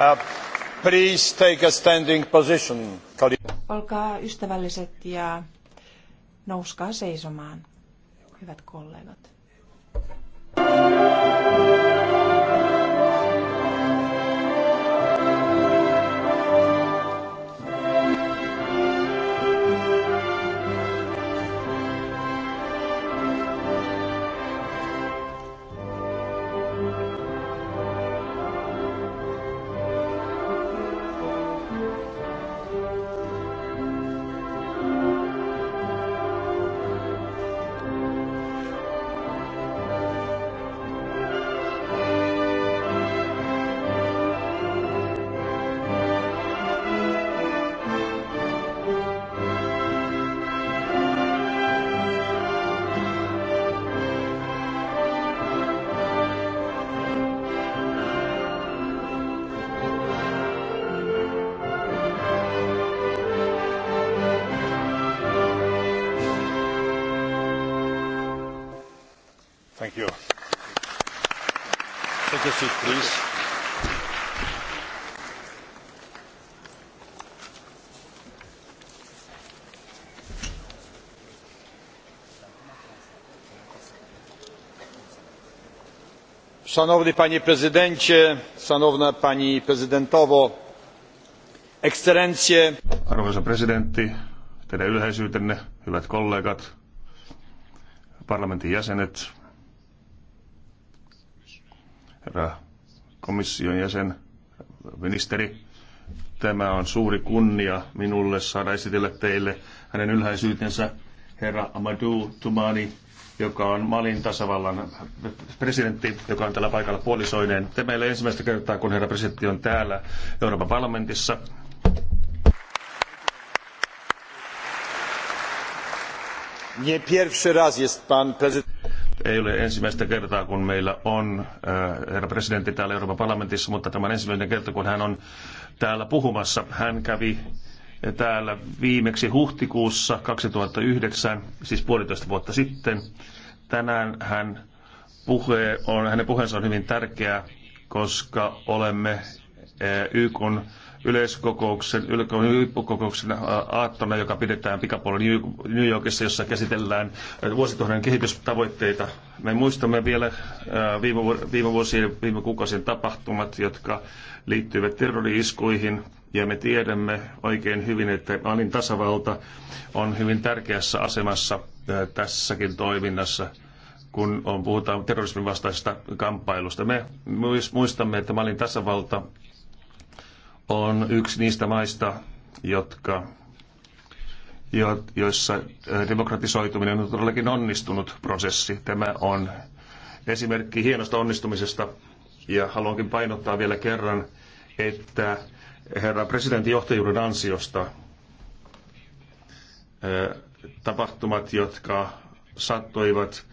Uh, please take a standing position. Olkaa ystävälliset ja nouskaa seisomaan, hyvät kollegat. Take a seat, please. Szanowny panie prezydencie, szanowna pani prezydentowo, ekscelencje. Arvoisa presidentti, teidän ylhäisyytenne, hyvät kollegat, parlamentin jäsenet, herra komission jäsen, ministeri. Tämä on suuri kunnia minulle saada esitellä teille hänen ylhäisyytensä herra Amadou Tumani, joka on Malin tasavallan presidentti, joka on tällä paikalla puolisoineen. Te meille ensimmäistä kertaa, kun herra presidentti on täällä Euroopan parlamentissa. Nie pierwszy raz jest pan prezydent ei ole ensimmäistä kertaa, kun meillä on äh, herra presidentti täällä Euroopan parlamentissa, mutta tämä on ensimmäinen kerta, kun hän on täällä puhumassa. Hän kävi täällä viimeksi huhtikuussa 2009, siis puolitoista vuotta sitten. Tänään hän puhe on, hänen puheensa on hyvin tärkeä, koska olemme äh, YKn yleiskokouksen, yleiskokouksen aattona, joka pidetään pikapuolella New Yorkissa, jossa käsitellään vuosituhannen kehitystavoitteita. Me muistamme vielä viime, viime vuosien, viime kuukausien tapahtumat, jotka liittyvät terrori-iskuihin, ja me tiedämme oikein hyvin, että Malin tasavalta on hyvin tärkeässä asemassa tässäkin toiminnassa kun on, puhutaan terrorismin vastaisesta kamppailusta. Me myös muistamme, että Malin tasavalta on yksi niistä maista, jotka, jo, joissa demokratisoituminen on todellakin onnistunut prosessi. Tämä on esimerkki hienosta onnistumisesta ja haluankin painottaa vielä kerran, että herra presidentin johtajuuden ansiosta tapahtumat, jotka sattuivat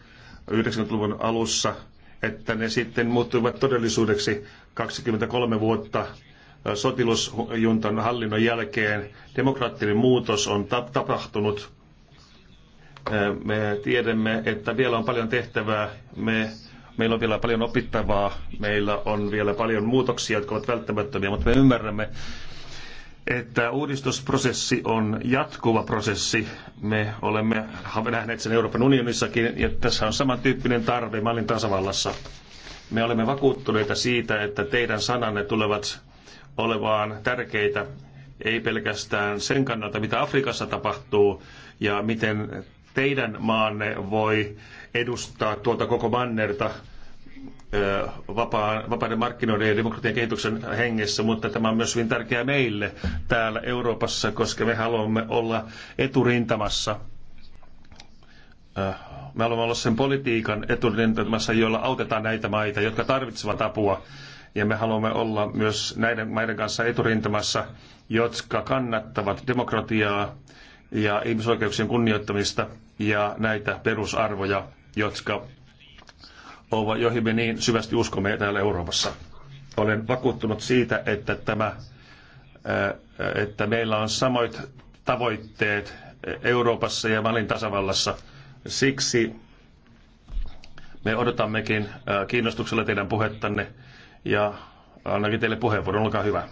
90-luvun alussa, että ne sitten muuttuivat todellisuudeksi 23 vuotta Sotilasjuntan hallinnon jälkeen demokraattinen muutos on tapahtunut. Me tiedämme, että vielä on paljon tehtävää. Me, meillä on vielä paljon opittavaa. Meillä on vielä paljon muutoksia, jotka ovat välttämättömiä, mutta me ymmärrämme, että uudistusprosessi on jatkuva prosessi. Me olemme nähneet sen Euroopan unionissakin, ja tässä on samantyyppinen tarve Malin tasavallassa. Me olemme vakuuttuneita siitä, että teidän sananne tulevat olevaan tärkeitä ei pelkästään sen kannalta, mitä Afrikassa tapahtuu ja miten teidän maanne voi edustaa tuota koko mannerta vapaan, vapaiden markkinoiden ja demokratian kehityksen hengessä, mutta tämä on myös hyvin tärkeää meille täällä Euroopassa, koska me haluamme olla eturintamassa. Me haluamme olla sen politiikan eturintamassa, jolla autetaan näitä maita, jotka tarvitsevat apua ja me haluamme olla myös näiden maiden kanssa eturintamassa, jotka kannattavat demokratiaa ja ihmisoikeuksien kunnioittamista ja näitä perusarvoja, jotka ovat, joihin me niin syvästi uskomme täällä Euroopassa. Olen vakuuttunut siitä, että, tämä, äh, että meillä on samoit tavoitteet Euroopassa ja Malin tasavallassa. Siksi me odotammekin äh, kiinnostuksella teidän puhettanne ja annakin teille puheenvuoron. Olkaa hyvä.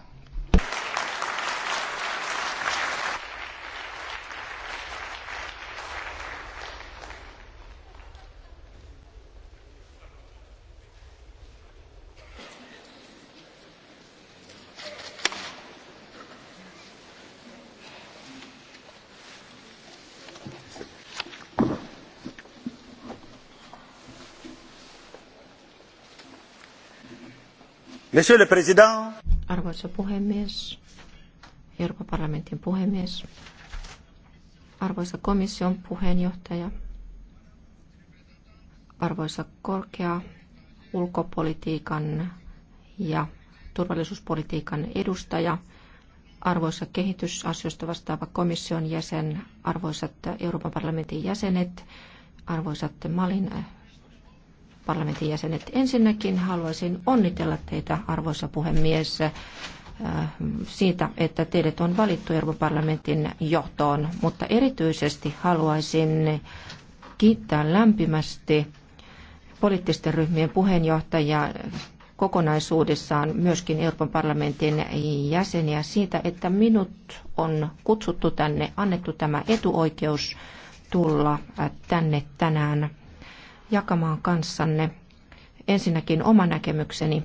Monsieur le Arvoisa puhemies, Euroopan parlamentin puhemies, arvoisa komission puheenjohtaja, arvoisa korkea ulkopolitiikan ja turvallisuuspolitiikan edustaja, arvoisa kehitysasioista vastaava komission jäsen, arvoisat Euroopan parlamentin jäsenet, arvoisat Malin parlamentin jäsenet. Ensinnäkin haluaisin onnitella teitä, arvoisa puhemies, äh, siitä, että teidät on valittu Euroopan parlamentin johtoon, mutta erityisesti haluaisin kiittää lämpimästi poliittisten ryhmien puheenjohtajaa kokonaisuudessaan myöskin Euroopan parlamentin jäseniä siitä, että minut on kutsuttu tänne, annettu tämä etuoikeus tulla äh, tänne tänään jakamaan kanssanne ensinnäkin oma näkemykseni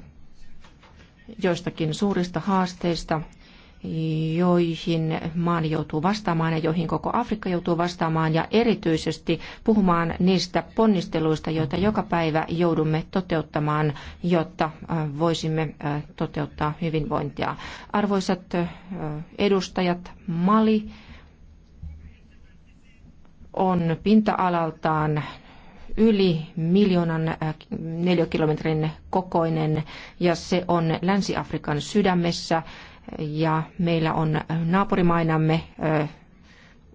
joistakin suurista haasteista, joihin maani joutuu vastaamaan ja joihin koko Afrikka joutuu vastaamaan ja erityisesti puhumaan niistä ponnisteluista, joita joka päivä joudumme toteuttamaan, jotta äh, voisimme äh, toteuttaa hyvinvointia. Arvoisat äh, edustajat, Mali on pinta-alaltaan yli miljoonan äh, neliökilometrin kokoinen ja se on Länsi-Afrikan sydämessä ja meillä on naapurimainamme äh,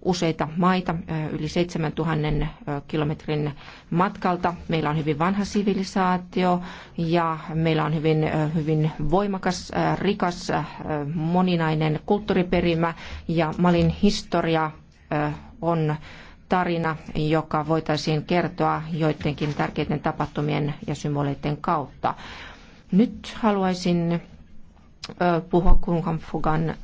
useita maita äh, yli 7000 kilometrin matkalta. Meillä on hyvin vanha sivilisaatio ja meillä on hyvin, hyvin voimakas, rikas, moninainen kulttuuriperimä ja Malin historia on tarina, joka voitaisiin kertoa joidenkin tärkeiden tapahtumien ja symboleiden kautta. Nyt haluaisin puhua Kunkan Fugan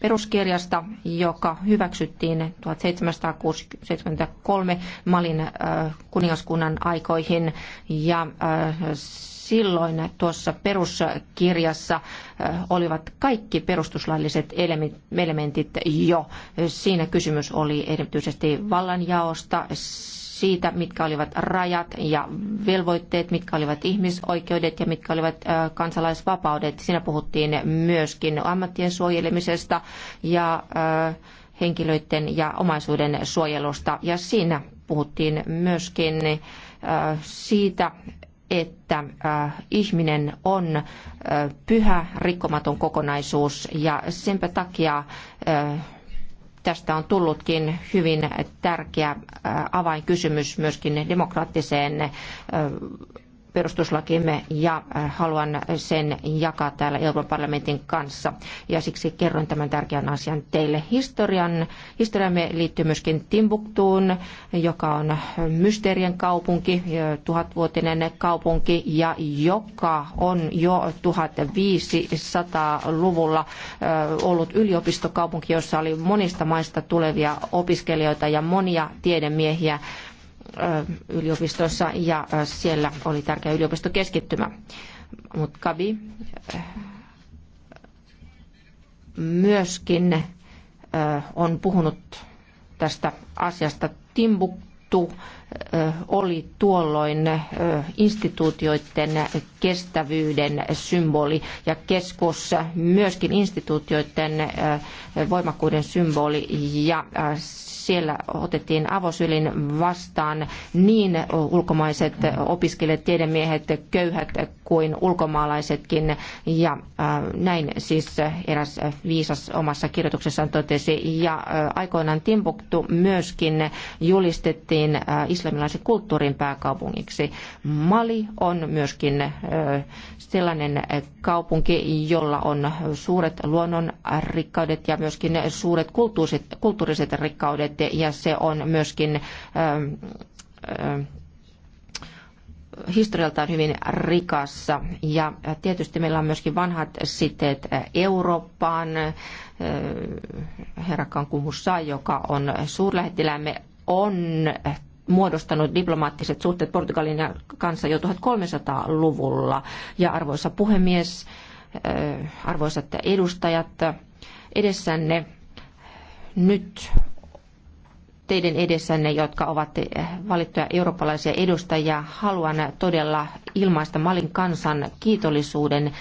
peruskirjasta, joka hyväksyttiin 1773 Malin äh, kuningaskunnan aikoihin. Ja äh, silloin tuossa peruskirjassa äh, olivat kaikki perustuslailliset elementit jo. Siinä kysymys oli erityisesti vallanjaosta, siitä, mitkä olivat rajat ja velvoitteet, mitkä olivat ihmisoikeudet ja mitkä olivat kansalaisvapaudet. Siinä puhuttiin myöskin ammattien suojelemisesta ja henkilöiden ja omaisuuden suojelusta. Ja siinä puhuttiin myöskin siitä, että ihminen on pyhä, rikkomaton kokonaisuus ja senpä takia tästä on tullutkin hyvin tärkeä avainkysymys myöskin demokraattiseen perustuslakimme ja äh, haluan sen jakaa täällä Euroopan parlamentin kanssa. Ja siksi kerron tämän tärkeän asian teille. Historian, historiamme liittyy myöskin Timbuktuun, joka on mysteerien kaupunki, äh, tuhatvuotinen kaupunki ja joka on jo 1500-luvulla äh, ollut yliopistokaupunki, jossa oli monista maista tulevia opiskelijoita ja monia tiedemiehiä yliopistossa ja siellä oli tärkeä yliopistokeskittymä. Mutta Kabi myöskin on puhunut tästä asiasta Timbuktu oli tuolloin instituutioiden kestävyyden symboli ja keskus myöskin instituutioiden voimakkuuden symboli ja siellä otettiin avosylin vastaan niin ulkomaiset opiskelijat, tiedemiehet, köyhät kuin ulkomaalaisetkin ja näin siis eräs viisas omassa kirjoituksessaan totesi ja aikoinaan Timbuktu myöskin julistettiin islamilaisen kulttuurin pääkaupungiksi. Mali on myöskin sellainen kaupunki, jolla on suuret luonnonrikkaudet ja myöskin suuret kulttuuriset, kulttuuriset rikkaudet ja se on myöskin historialtaan hyvin rikassa. Ja tietysti meillä on myöskin vanhat siteet Eurooppaan. Herra Kankumussa, joka on suurlähettiläämme, on muodostanut diplomaattiset suhteet Portugalin kanssa jo 1300-luvulla. Ja arvoisa puhemies, äh, arvoisat edustajat, edessänne nyt teidän edessänne, jotka ovat eh, valittuja eurooppalaisia edustajia, haluan todella ilmaista Malin kansan kiitollisuuden eh,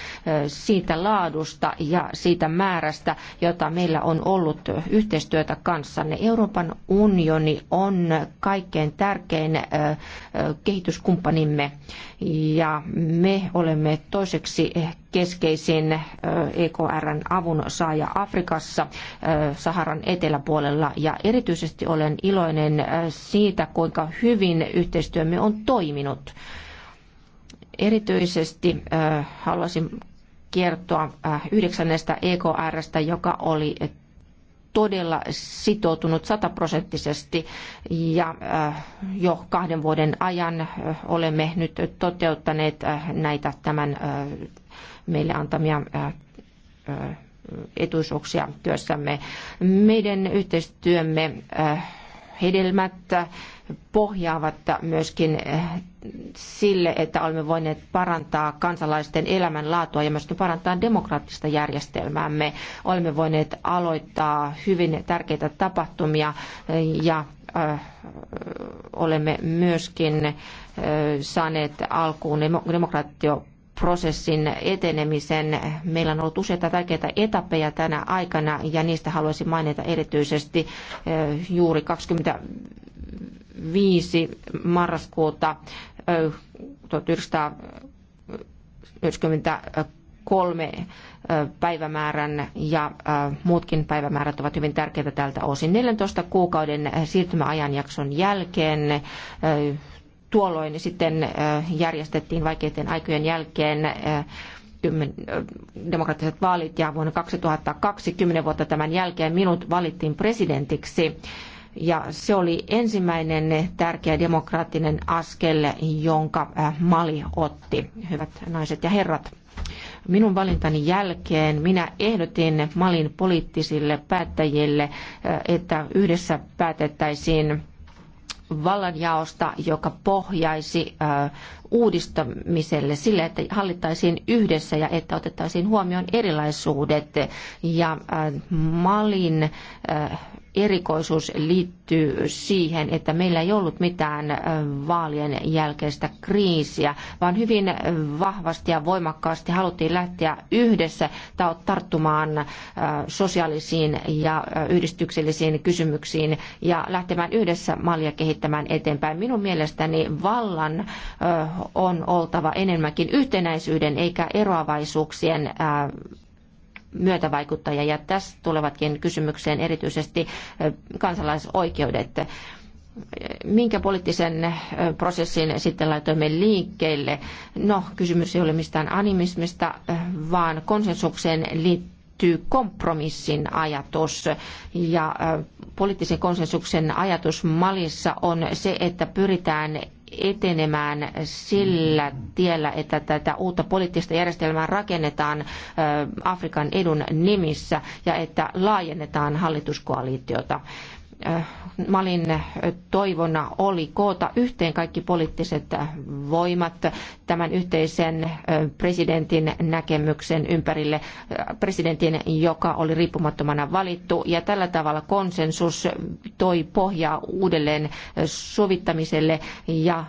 siitä laadusta ja siitä määrästä, jota meillä on ollut yhteistyötä kanssanne. Euroopan unioni on kaikkein tärkein eh, kehityskumppanimme ja me olemme toiseksi keskeisin EKRn avun saaja Afrikassa Saharan eteläpuolella ja erityisesti olen iloinen siitä, kuinka hyvin yhteistyömme on toiminut. Erityisesti haluaisin kertoa yhdeksännestä EKRstä, joka oli todella sitoutunut sataprosenttisesti ja äh, jo kahden vuoden ajan äh, olemme nyt toteuttaneet äh, näitä tämän meille antamia etuisuuksia työssämme. Meidän yhteistyömme hedelmät pohjaavat myöskin eh, sille, että olemme voineet parantaa kansalaisten elämänlaatua ja myöskin parantaa demokraattista järjestelmäämme. Olemme voineet aloittaa hyvin tärkeitä tapahtumia eh, ja eh, olemme myöskin saaneet alkuun demokraattio prosessin etenemisen. Meillä on ollut useita tärkeitä etappeja tänä aikana ja niistä haluaisin mainita erityisesti eh, juuri 25. marraskuuta 1993 eh, eh, päivämäärän ja muutkin päivämäärät ovat hyvin tärkeitä tältä osin. 14 kuukauden siirtymäajanjakson jälkeen tuolloin sitten äh, järjestettiin vaikeiden aikojen jälkeen äh, äh, demokraattiset vaalit ja vuonna 2020 vuotta tämän jälkeen minut valittiin presidentiksi. Ja se oli ensimmäinen tärkeä demokraattinen askel, jonka Mali otti, hyvät naiset ja herrat. Minun valintani jälkeen minä ehdotin Malin poliittisille päättäjille, että yhdessä päätettäisiin vallanjaosta, joka pohjaisi uudistamiselle sille, että hallittaisiin yhdessä ja että otettaisiin huomioon erilaisuudet. Ja Malin erikoisuus liittyy siihen, että meillä ei ollut mitään vaalien jälkeistä kriisiä, vaan hyvin vahvasti ja voimakkaasti haluttiin lähteä yhdessä tarttumaan sosiaalisiin ja yhdistyksellisiin kysymyksiin ja lähtemään yhdessä mallia kehittämään eteenpäin. Minun mielestäni vallan on oltava enemmänkin yhtenäisyyden eikä eroavaisuuksien myötävaikuttaja. Ja tässä tulevatkin kysymykseen erityisesti kansalaisoikeudet minkä poliittisen prosessin sitten laitoimme liikkeelle. No, kysymys ei ole mistään animismista, vaan konsensukseen liittyy kompromissin ajatus. Ja poliittisen konsensuksen ajatus Malissa on se, että pyritään etenemään sillä tiellä, että tätä uutta poliittista järjestelmää rakennetaan Afrikan edun nimissä ja että laajennetaan hallituskoalitiota. Äh, Malin toivona oli koota yhteen kaikki poliittiset voimat tämän yhteisen äh, presidentin näkemyksen ympärille, äh, presidentin, joka oli riippumattomana valittu. Ja tällä tavalla konsensus toi pohjaa uudelleen sovittamiselle ja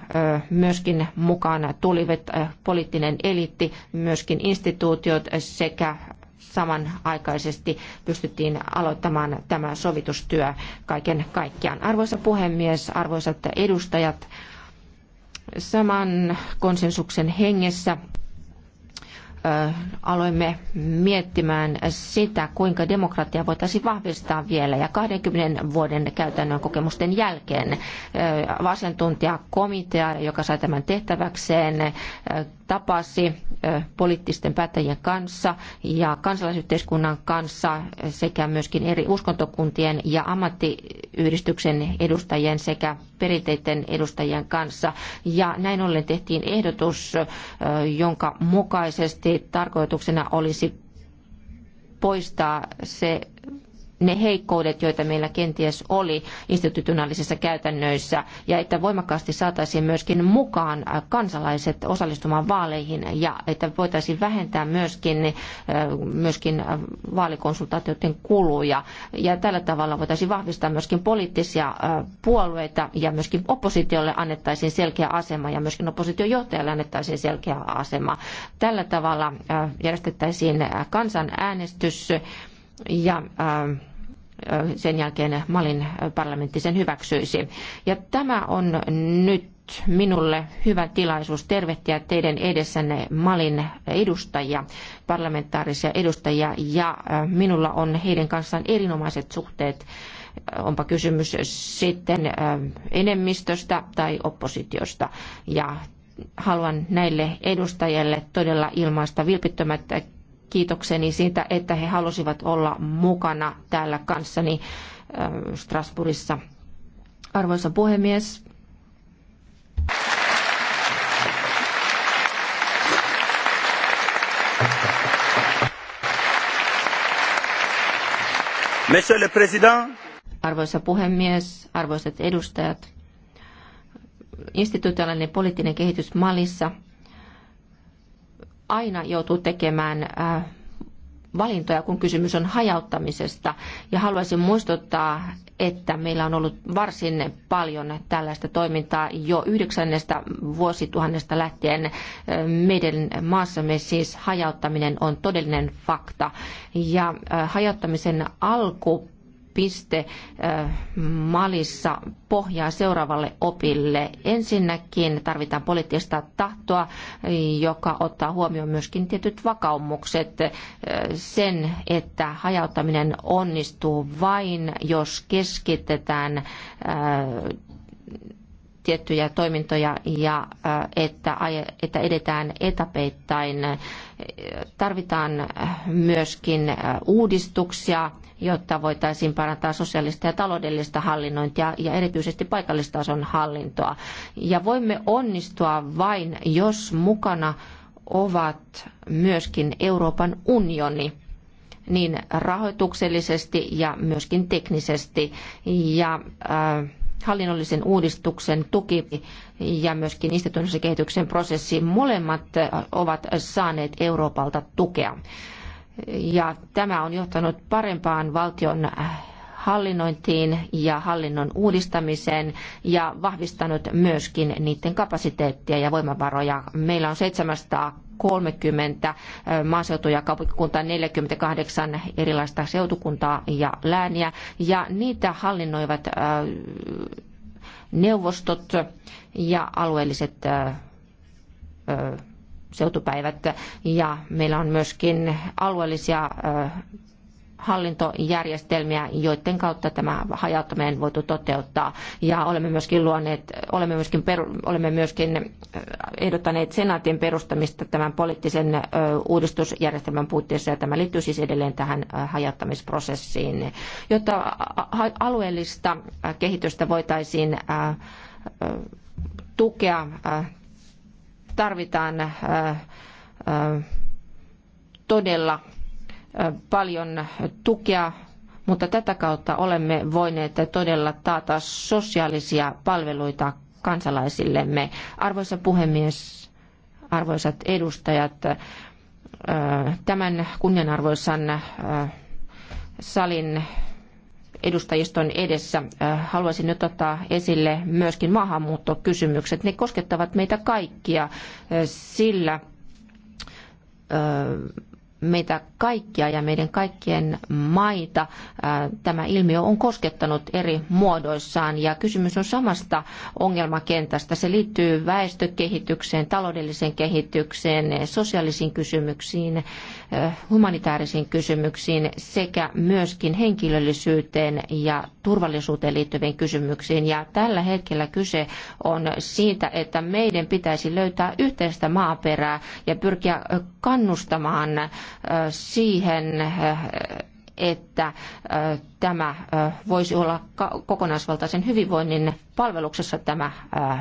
myöskin mukaan tulivat poliittinen eliitti, myöskin instituutiot sekä samanaikaisesti pystyttiin aloittamaan tämä sovitustyö kaiken kaikkiaan. Arvoisa puhemies, arvoisat edustajat, saman konsensuksen hengessä aloimme miettimään sitä, kuinka demokratia voitaisiin vahvistaa vielä. Ja 20 vuoden käytännön kokemusten jälkeen asiantuntijakomitea, joka sai tämän tehtäväkseen, tapasi poliittisten päättäjien kanssa ja kansalaisyhteiskunnan kanssa sekä myöskin eri uskontokuntien ja ammattiyhdistyksen edustajien sekä perinteiden edustajien kanssa. Ja näin ollen tehtiin ehdotus, jonka mukaisesti tarkoituksena olisi poistaa se ne heikkoudet, joita meillä kenties oli institutionaalisissa käytännöissä, ja että voimakkaasti saataisiin myöskin mukaan kansalaiset osallistumaan vaaleihin, ja että voitaisiin vähentää myöskin, myöskin vaalikonsultaatioiden kuluja, ja tällä tavalla voitaisiin vahvistaa myöskin poliittisia puolueita, ja myöskin oppositiolle annettaisiin selkeä asema, ja myöskin oppositiojohtajalle annettaisiin selkeä asema. Tällä tavalla järjestettäisiin kansanäänestys, ja äh, sen jälkeen Malin parlamentti sen hyväksyisi. Ja tämä on nyt minulle hyvä tilaisuus tervehtiä teidän edessänne Malin edustajia, parlamentaarisia edustajia, ja minulla on heidän kanssaan erinomaiset suhteet onpa kysymys sitten enemmistöstä tai oppositiosta. Ja haluan näille edustajille todella ilmaista vilpittömät kiitokseni siitä, että he halusivat olla mukana täällä kanssani Strasbourgissa. Arvoisa puhemies, Monsieur le Président. Arvoisa puhemies, arvoisat edustajat, institutionaalinen poliittinen kehitys Malissa aina joutuu tekemään valintoja, kun kysymys on hajauttamisesta. Ja haluaisin muistuttaa, että meillä on ollut varsin paljon tällaista toimintaa jo yhdeksännestä vuosituhannesta lähtien. Meidän maassamme siis hajauttaminen on todellinen fakta. Ja hajauttamisen alku piste Malissa pohjaa seuraavalle opille. Ensinnäkin tarvitaan poliittista tahtoa, joka ottaa huomioon myöskin tietyt vakaumukset sen, että hajauttaminen onnistuu vain, jos keskitetään tiettyjä toimintoja ja että, että edetään etapeittain. Tarvitaan myöskin uudistuksia, jotta voitaisiin parantaa sosiaalista ja taloudellista hallinnointia ja erityisesti paikallistason hallintoa. Ja voimme onnistua vain, jos mukana ovat myöskin Euroopan unioni niin rahoituksellisesti ja myöskin teknisesti. Ja äh, hallinnollisen uudistuksen tuki ja myöskin instituutioiden kehityksen prosessi, molemmat ovat saaneet Euroopalta tukea. Ja tämä on johtanut parempaan valtion hallinnointiin ja hallinnon uudistamiseen ja vahvistanut myöskin niiden kapasiteettia ja voimavaroja. Meillä on 700 30 ja kaupunkikuntaa 48 erilaista seutukuntaa ja lääniä. Ja niitä hallinnoivat neuvostot ja alueelliset seutupäivät. Ja meillä on myöskin alueellisia hallintojärjestelmiä, joiden kautta tämä hajauttaminen voitu toteuttaa. Ja olemme myöskin luoneet, olemme myöskin, peru, olemme myöskin äh, ehdottaneet senaatin perustamista tämän poliittisen äh, uudistusjärjestelmän puitteissa, ja tämä liittyy siis edelleen tähän äh, hajauttamisprosessiin, jotta alueellista kehitystä voitaisiin tukea, tarvitaan todella paljon tukea, mutta tätä kautta olemme voineet todella taata sosiaalisia palveluita kansalaisillemme. Arvoisa puhemies, arvoisat edustajat, tämän kunnianarvoisan salin edustajiston edessä haluaisin nyt ottaa esille myöskin maahanmuuttokysymykset. Ne koskettavat meitä kaikkia, sillä meitä kaikkia ja meidän kaikkien maita tämä ilmiö on koskettanut eri muodoissaan ja kysymys on samasta ongelmakentästä. Se liittyy väestökehitykseen, taloudelliseen kehitykseen, sosiaalisiin kysymyksiin, humanitaarisiin kysymyksiin sekä myöskin henkilöllisyyteen ja turvallisuuteen liittyviin kysymyksiin. Ja tällä hetkellä kyse on siitä, että meidän pitäisi löytää yhteistä maaperää ja pyrkiä kannustamaan siihen, että tämä voisi olla kokonaisvaltaisen hyvinvoinnin palveluksessa tämä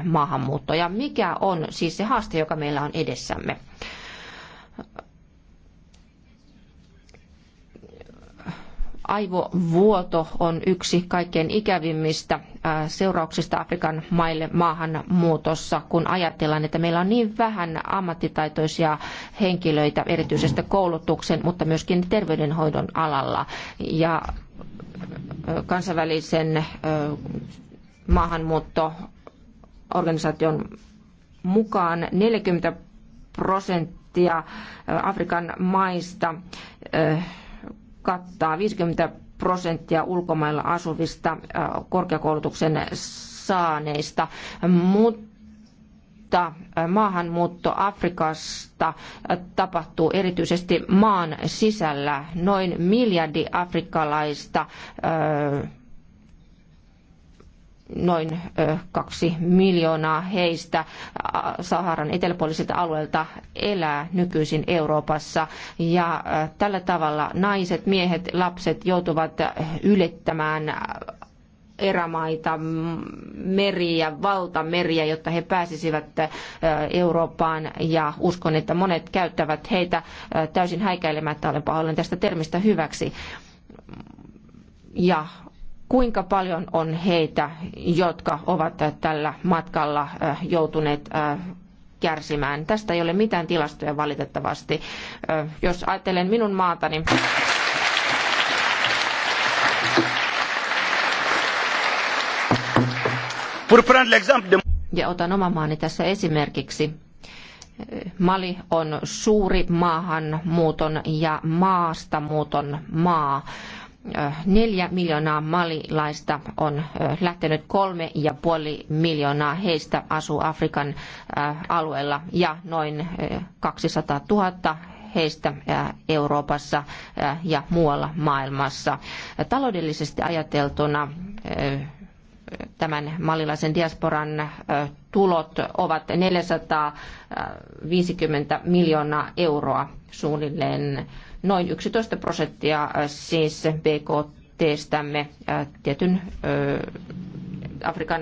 maahanmuutto. Ja mikä on siis se haaste, joka meillä on edessämme? Aivovuoto on yksi kaikkein ikävimmistä äh, seurauksista Afrikan maille maahanmuutossa, kun ajatellaan, että meillä on niin vähän ammattitaitoisia henkilöitä, erityisesti koulutuksen, mutta myöskin terveydenhoidon alalla. Ja äh, kansainvälisen äh, maahanmuuttoorganisaation mukaan 40 prosenttia Afrikan maista kattaa 50 prosenttia ulkomailla asuvista äh, korkeakoulutuksen saaneista, mutta äh, maahanmuutto Afrikasta äh, tapahtuu erityisesti maan sisällä. Noin miljardi afrikkalaista noin kaksi miljoonaa heistä Saharan eteläpuolisilta alueilta elää nykyisin Euroopassa. Ja tällä tavalla naiset, miehet, lapset joutuvat ylittämään erämaita, meriä, valtameriä, jotta he pääsisivät Eurooppaan ja uskon, että monet käyttävät heitä täysin häikäilemättä, olen pahoillani tästä termistä hyväksi. Ja kuinka paljon on heitä, jotka ovat tällä matkalla joutuneet kärsimään. Tästä ei ole mitään tilastoja valitettavasti. Jos ajattelen minun maatani... Niin- ja otan oman maani tässä esimerkiksi. Mali on suuri maahanmuuton ja maastamuuton maa Äh, neljä miljoonaa malilaista on äh, lähtenyt, kolme ja puoli miljoonaa heistä asuu Afrikan äh, alueella ja noin 200 000 heistä Euroopassa ja muualla maailmassa. Taloudellisesti ajateltuna tämän malilaisen diasporan tulot ovat 450 miljoonaa euroa suunnilleen noin 11 prosenttia äh, siis BKTstämme äh, tietyn äh, Afrikan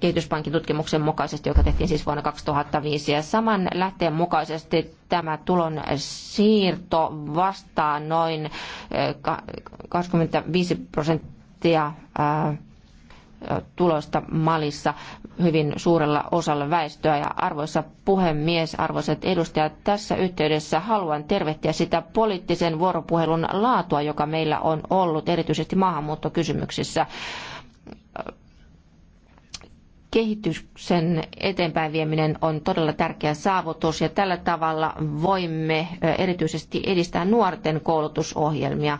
kehityspankin tutkimuksen mukaisesti, joka tehtiin siis vuonna 2005. Ja saman lähteen mukaisesti tämä tulon siirto vastaa noin 25 prosenttia tulosta Malissa hyvin suurella osalla väestöä. Ja arvoisa puhemies, arvoisat edustajat, tässä yhteydessä haluan tervehtiä sitä poliittisen vuoropuhelun laatua, joka meillä on ollut erityisesti maahanmuuttokysymyksissä kehityksen eteenpäin vieminen on todella tärkeä saavutus ja tällä tavalla voimme erityisesti edistää nuorten koulutusohjelmia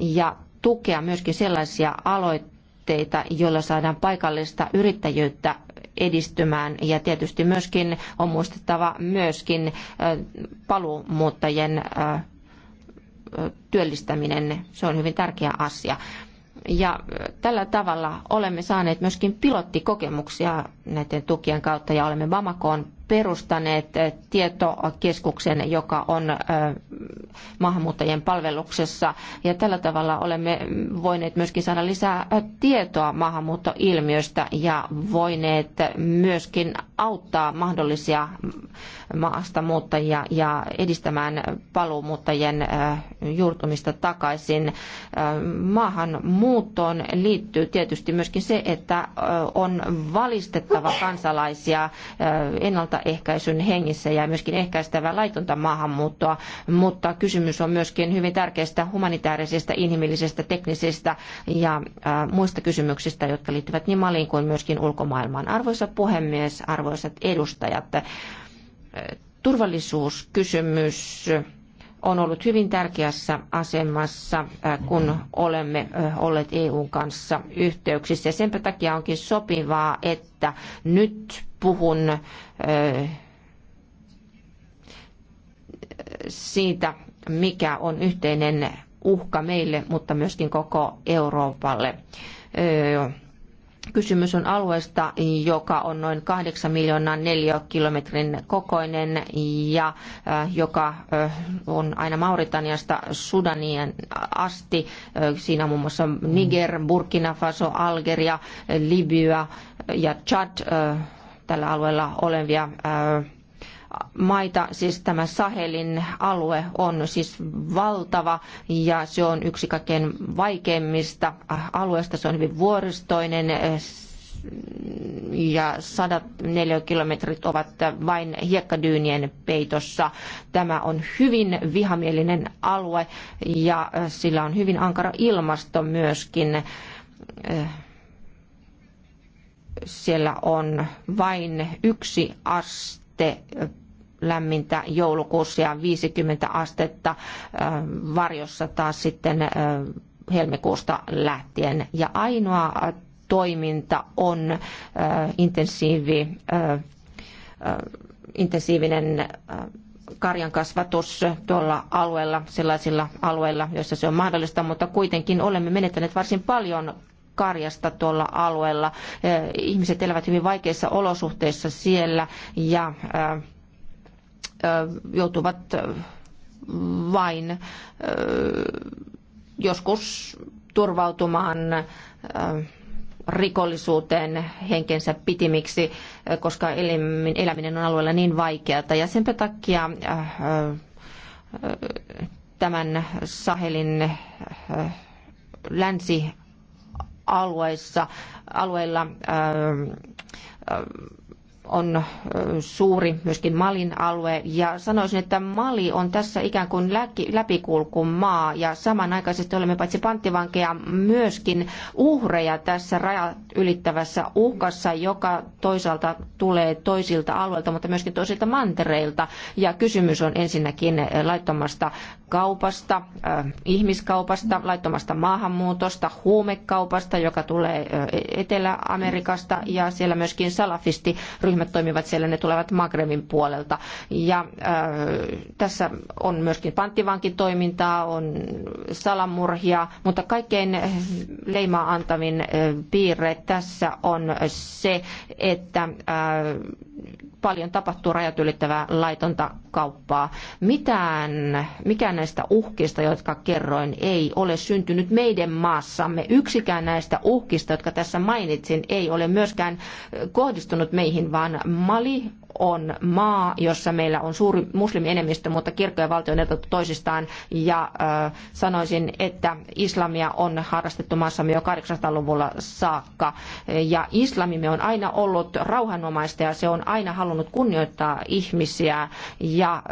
ja tukea myöskin sellaisia aloitteita, aloitteita, joilla saadaan paikallista yrittäjyyttä edistymään ja tietysti myöskin on muistettava myöskin paluumuuttajien työllistäminen. Se on hyvin tärkeä asia. Ja tällä tavalla olemme saaneet myöskin pilottikokemuksia näiden tukien kautta ja olemme Bamakoon perustaneet eh, tietokeskuksen, joka on eh, maahanmuuttajien palveluksessa. Ja tällä tavalla olemme voineet myöskin saada lisää eh, tietoa maahanmuuttoilmiöstä ja voineet myöskin auttaa mahdollisia maastamuuttajia ja edistämään paluumuuttajien juurtumista takaisin. Maahanmuuttoon liittyy tietysti myöskin se, että on valistettava kansalaisia ennalta ennaltaehkäisyn hengissä ja myöskin ehkäistävä laitonta maahanmuuttoa, mutta kysymys on myöskin hyvin tärkeistä humanitaarisista, inhimillisistä, teknisistä ja muista kysymyksistä, jotka liittyvät niin Maliin kuin myöskin ulkomaailmaan. Arvoisa puhemies, arvoisat edustajat, turvallisuuskysymys on ollut hyvin tärkeässä asemassa, kun olemme olleet EUn kanssa yhteyksissä. Senpä takia onkin sopivaa, että nyt puhun siitä, mikä on yhteinen uhka meille, mutta myöskin koko Euroopalle. Kysymys on alueesta, joka on noin 8 miljoonaa neliökilometrin kokoinen ja joka on aina Mauritaniasta Sudanien asti. Siinä on muun muassa Niger, Burkina Faso, Algeria, Libya ja Chad tällä alueella olevia maita, siis tämä Sahelin alue on siis valtava ja se on yksi kaikkein vaikeimmista alueista. Se on hyvin vuoristoinen ja sadat neliökilometrit ovat vain hiekkadyynien peitossa. Tämä on hyvin vihamielinen alue ja sillä on hyvin ankara ilmasto myöskin siellä on vain yksi aste lämmintä joulukuussa ja 50 astetta varjossa taas sitten helmikuusta lähtien. Ja ainoa toiminta on intensiivi, intensiivinen karjan kasvatus tuolla alueella, sellaisilla alueilla, joissa se on mahdollista, mutta kuitenkin olemme menettäneet varsin paljon karjasta tuolla alueella. Ihmiset elävät hyvin vaikeissa olosuhteissa siellä ja joutuvat vain joskus turvautumaan rikollisuuteen henkensä pitimiksi, koska eläminen on alueella niin vaikeata. Ja sen takia tämän Sahelin länsi alueissa, alueilla ähm, äh, on äh, suuri, myöskin Malin alue, ja sanoisin, että Mali on tässä ikään kuin läpikulkumaa, ja samanaikaisesti olemme paitsi panttivankeja myöskin uhreja tässä rajat ylittävässä uhkassa, joka toisaalta tulee toisilta alueilta, mutta myöskin toisilta mantereilta, ja kysymys on ensinnäkin laittomasta kaupasta, äh, ihmiskaupasta, laittomasta maahanmuutosta, huumekaupasta, joka tulee äh, e- Etelä-Amerikasta ja siellä myöskin salafistiryhmät toimivat siellä, ne tulevat Magrebin puolelta. Ja äh, tässä on myöskin panttivankitoimintaa, on salamurhia, mutta kaikkein leimaa antavin piirre tässä on se, että paljon tapahtuu rajat ylittävää laitonta kauppaa. Mitään, mikään näistä uhkista, jotka kerroin, ei ole syntynyt meidän maassamme. Yksikään näistä uhkista, jotka tässä mainitsin, ei ole myöskään eh, kohdistunut meihin, vaan Mali on maa, jossa meillä on suuri muslimienemmistö, mutta kirkko ja valtio on erotettu toisistaan. Ja äh, sanoisin, että islamia on harrastettu maassamme jo 800-luvulla saakka. Ja islamimme on aina ollut rauhanomaista ja se on aina halunnut kunnioittaa ihmisiä. Ja äh,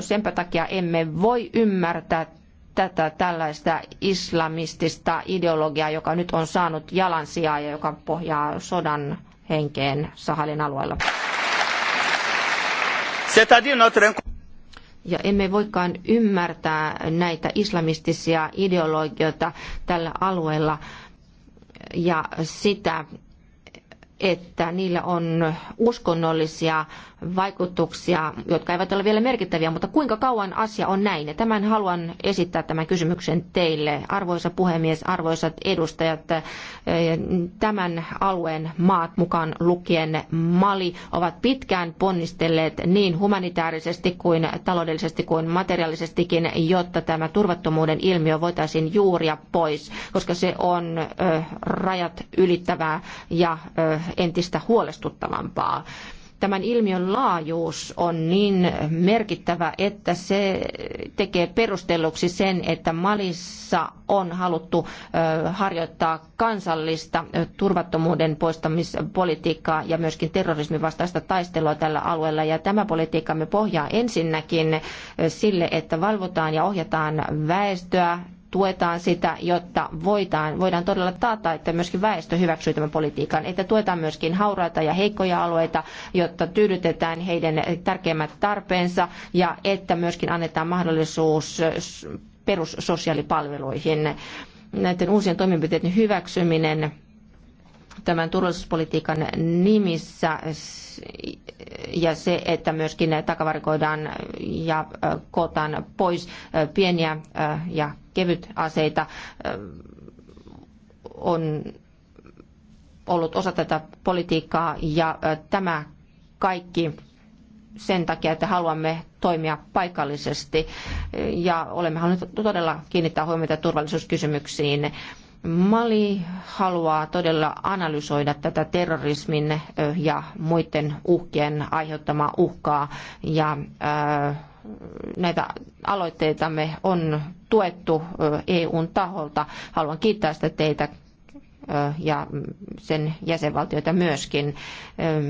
senpä takia emme voi ymmärtää tätä tällaista islamistista ideologiaa, joka nyt on saanut jalansijaa ja joka pohjaa sodan henkeen Sahalin alueella. Ja emme voikaan ymmärtää näitä islamistisia ideologioita tällä alueella ja sitä, että niillä on uskonnollisia vaikutuksia, jotka eivät ole vielä merkittäviä, mutta kuinka kauan asia on näin? Ja tämän haluan esittää tämän kysymyksen teille, arvoisa puhemies, arvoisat edustajat. Eh, tämän alueen maat mukaan lukien Mali ovat pitkään ponnistelleet niin humanitaarisesti kuin taloudellisesti kuin materiaalisestikin, jotta tämä turvattomuuden ilmiö voitaisiin juuria pois, koska se on eh, rajat ylittävää ja eh, entistä huolestuttavampaa tämän ilmiön laajuus on niin merkittävä, että se tekee perustelluksi sen, että Malissa on haluttu harjoittaa kansallista turvattomuuden poistamispolitiikkaa ja myöskin terrorismin vastaista taistelua tällä alueella. Ja tämä politiikkamme pohjaa ensinnäkin sille, että valvotaan ja ohjataan väestöä tuetaan sitä, jotta voidaan, voidaan todella taata, että myöskin väestö hyväksyy tämän politiikan, että tuetaan myöskin hauraita ja heikkoja alueita, jotta tyydytetään heidän tärkeimmät tarpeensa ja että myöskin annetaan mahdollisuus perussosiaalipalveluihin. Näiden uusien toimenpiteiden hyväksyminen tämän turvallisuuspolitiikan nimissä ja se, että myöskin takavarikoidaan ja kootaan pois pieniä ja kevyt aseita on ollut osa tätä politiikkaa ja tämä kaikki sen takia, että haluamme toimia paikallisesti ja olemme halunneet todella kiinnittää huomiota turvallisuuskysymyksiin. Mali haluaa todella analysoida tätä terrorismin ja muiden uhkien aiheuttamaa uhkaa ja näitä aloitteitamme on tuettu EUn taholta. Haluan kiittää sitä teitä ja sen jäsenvaltioita myöskin.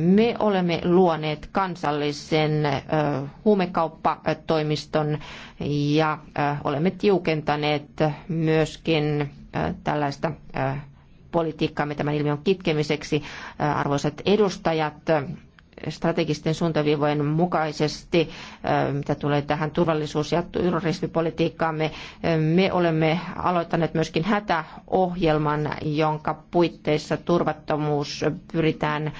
Me olemme luoneet kansallisen huumekauppatoimiston ja olemme tiukentaneet myöskin tällaista politiikkaa, tämän ilmiön kitkemiseksi. Arvoisat edustajat, strategisten suuntaviivojen mukaisesti, mitä tulee tähän turvallisuus- ja terrorismipolitiikkaamme. Me olemme aloittaneet myöskin hätäohjelman, jonka puitteissa turvattomuus pyritään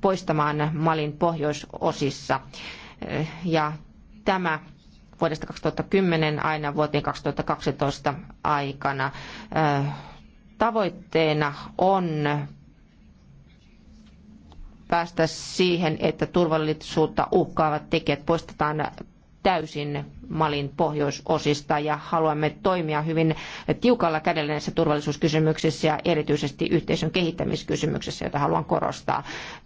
poistamaan Malin pohjoisosissa. Ja tämä vuodesta 2010 aina vuoteen 2012 aikana. Äh, tavoitteena on päästä siihen, että turvallisuutta uhkaavat tekijät poistetaan täysin Malin pohjoisosista ja haluamme toimia hyvin tiukalla kädellä näissä turvallisuuskysymyksissä ja erityisesti yhteisön kehittämiskysymyksessä, jota haluan korostaa.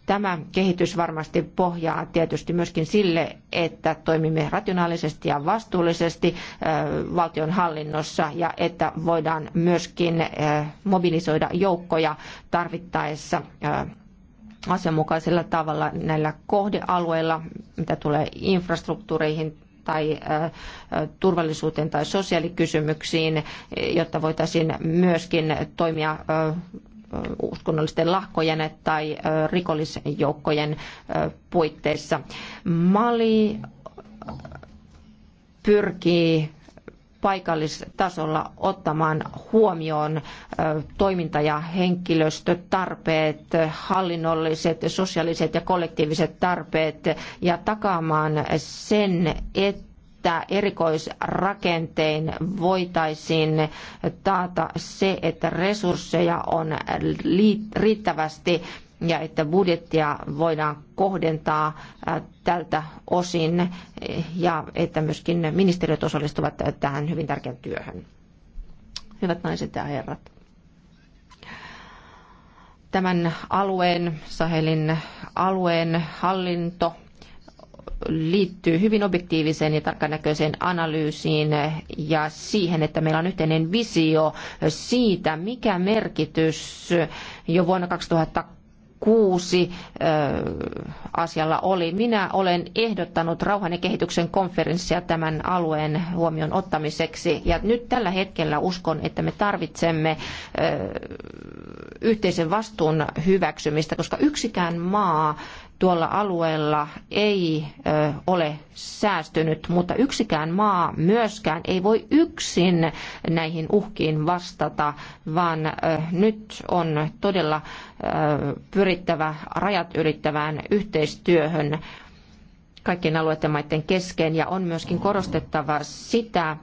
Tämä kehitys varmasti pohjaa tietysti myöskin sille, että toimimme rationaalisesti ja vastuullisesti äh, valtion hallinnossa ja että voidaan myöskin äh, mobilisoida joukkoja tarvittaessa äh, asianmukaisella tavalla näillä kohdealueilla, mitä tulee infrastruktuureihin, tai turvallisuuteen tai sosiaalikysymyksiin, jotta voitaisiin myöskin toimia uskonnollisten lahkojen tai rikollisjoukkojen puitteissa. Mali pyrkii paikallistasolla ottamaan huomioon toiminta- ja henkilöstötarpeet, hallinnolliset, sosiaaliset ja kollektiiviset tarpeet ja takaamaan sen, että että erikoisrakentein voitaisiin taata se, että resursseja on riittävästi ja että budjettia voidaan kohdentaa tältä osin ja että myöskin ministeriöt osallistuvat tähän hyvin tärkeään työhön. Hyvät naiset ja herrat. Tämän alueen, Sahelin alueen hallinto liittyy hyvin objektiiviseen ja tarkkanäköiseen analyysiin ja siihen, että meillä on yhteinen visio siitä, mikä merkitys jo vuonna 2000 kuusi asialla oli. Minä olen ehdottanut rauhan ja kehityksen konferenssia tämän alueen huomion ottamiseksi. Ja nyt tällä hetkellä uskon, että me tarvitsemme yhteisen vastuun hyväksymistä, koska yksikään maa tuolla alueella ei ole säästynyt, mutta yksikään maa myöskään ei voi yksin näihin uhkiin vastata, vaan nyt on todella pyrittävä rajat ylittävään yhteistyöhön kaikkien alueiden maiden kesken ja on myöskin korostettava sitä,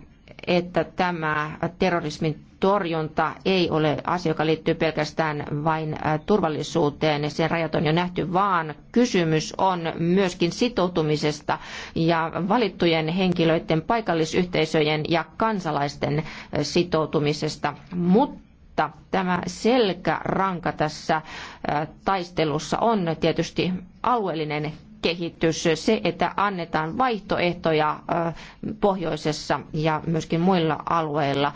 että tämä terrorismin torjunta ei ole asia, joka liittyy pelkästään vain turvallisuuteen, sen rajat on jo nähty, vaan kysymys on myöskin sitoutumisesta ja valittujen henkilöiden, paikallisyhteisöjen ja kansalaisten sitoutumisesta. Mutta mutta tämä selkäranka tässä taistelussa on tietysti alueellinen kehitys, se, että annetaan vaihtoehtoja pohjoisessa ja myöskin muilla alueilla.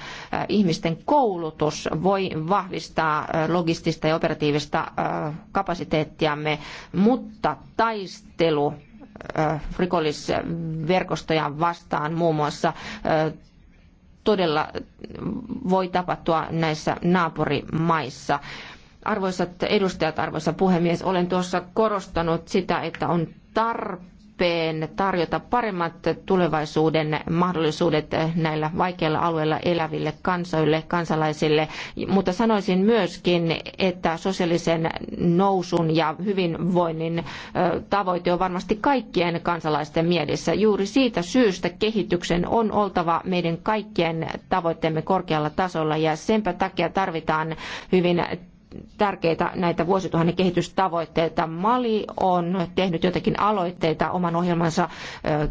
Ihmisten koulutus voi vahvistaa logistista ja operatiivista kapasiteettiamme, mutta taistelu rikollisverkostoja vastaan muun muassa todella voi tapahtua näissä naapurimaissa. Arvoisat edustajat, arvoisa puhemies, olen tuossa korostanut sitä, että on tarpeen tarjota paremmat tulevaisuuden mahdollisuudet näillä vaikeilla alueilla eläville kansoille, kansalaisille, mutta sanoisin myöskin, että sosiaalisen nousun ja hyvinvoinnin tavoite on varmasti kaikkien kansalaisten mielessä. Juuri siitä syystä kehityksen on oltava meidän kaikkien tavoitteemme korkealla tasolla ja senpä takia tarvitaan hyvin tärkeitä näitä vuosituhannen kehitystavoitteita. Mali on tehnyt jotakin aloitteita oman ohjelmansa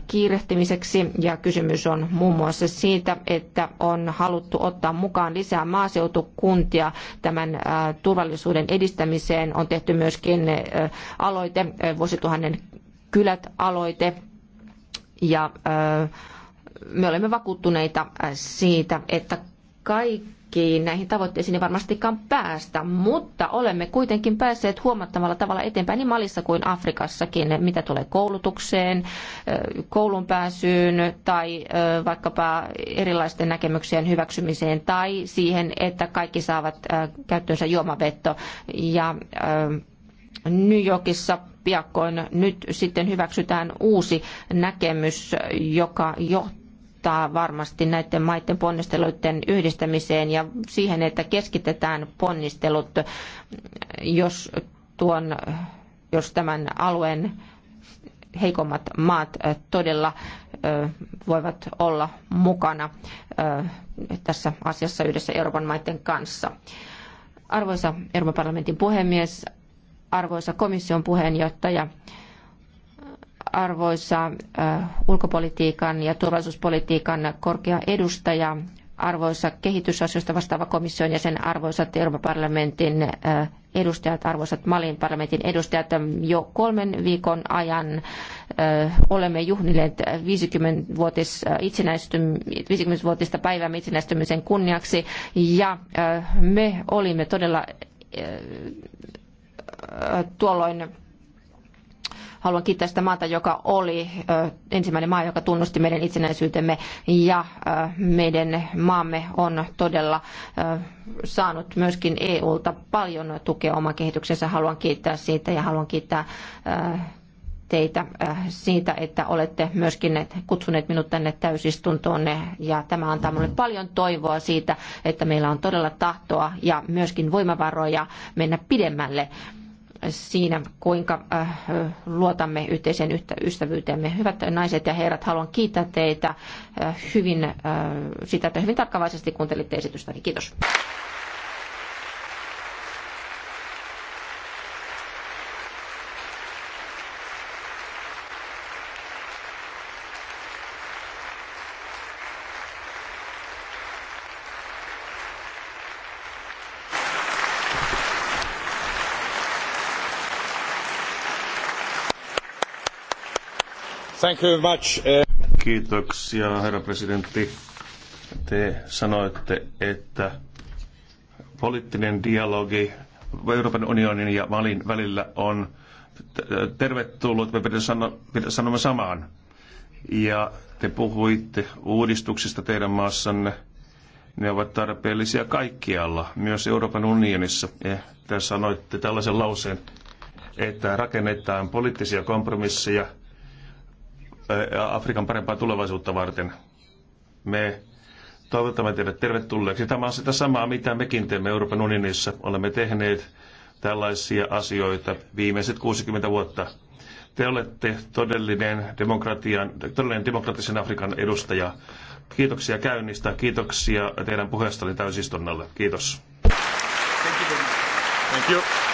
kiirehtimiseksi ja kysymys on muun muassa siitä, että on haluttu ottaa mukaan lisää maaseutukuntia tämän turvallisuuden edistämiseen. On tehty myöskin aloite, vuosituhannen kylät-aloite ja me olemme vakuuttuneita siitä, että kaikki kaikkiin näihin tavoitteisiin ei niin varmastikaan päästä, mutta olemme kuitenkin päässeet huomattavalla tavalla eteenpäin niin Malissa kuin Afrikassakin, mitä tulee koulutukseen, koulun pääsyyn tai vaikkapa erilaisten näkemyksien hyväksymiseen tai siihen, että kaikki saavat käyttöönsä juomavetto ja New Yorkissa piakkoin nyt sitten hyväksytään uusi näkemys, joka johtaa johtaa varmasti näiden maiden ponnisteluiden yhdistämiseen ja siihen, että keskitetään ponnistelut, jos, tuon, jos tämän alueen heikommat maat todella voivat olla mukana tässä asiassa yhdessä Euroopan maiden kanssa. Arvoisa Euroopan parlamentin puhemies, arvoisa komission puheenjohtaja, arvoisa ulkopolitiikan ja turvallisuuspolitiikan korkea edustaja, arvoisa kehitysasioista vastaava komission jäsen, arvoisat Euroopan parlamentin edustajat, arvoisat Malin parlamentin edustajat. Jo kolmen viikon ajan olemme juhlineet 50-vuotis 50-vuotista päivää itsenäistymisen kunniaksi ja me olimme todella tuolloin Haluan kiittää sitä maata, joka oli ensimmäinen maa, joka tunnusti meidän itsenäisyytemme ja meidän maamme on todella saanut myöskin EUlta paljon tukea oman kehityksensä. Haluan kiittää siitä ja haluan kiittää teitä siitä, että olette myöskin kutsuneet minut tänne täysistuntoon ja tämä antaa minulle paljon toivoa siitä, että meillä on todella tahtoa ja myöskin voimavaroja mennä pidemmälle siinä, kuinka äh, luotamme yhteiseen ystävyyteemme. Hyvät naiset ja herrat, haluan kiittää teitä äh, hyvin, äh, sitä, että hyvin tarkkavaisesti kuuntelitte esitystäni. Kiitos. Thank you much. Uh, Kiitoksia, herra presidentti. Te sanoitte, että poliittinen dialogi Euroopan unionin ja Malin välillä on tervetullut, me sanomme samaan. Ja te puhuitte uudistuksista teidän maassanne. Ne ovat tarpeellisia kaikkialla, myös Euroopan unionissa. Ja eh, te sanoitte tällaisen lauseen, että rakennetaan poliittisia kompromisseja – Äh, Afrikan parempaa tulevaisuutta varten. Me toivotamme teidät tervetulleeksi. Tämä on sitä samaa, mitä mekin teemme Euroopan unionissa. Olemme tehneet tällaisia asioita viimeiset 60 vuotta. Te olette todellinen, demokratian, todellinen demokratisen Afrikan edustaja. Kiitoksia käynnistä, kiitoksia teidän puheestanne täysistunnalle. Kiitos. Thank you.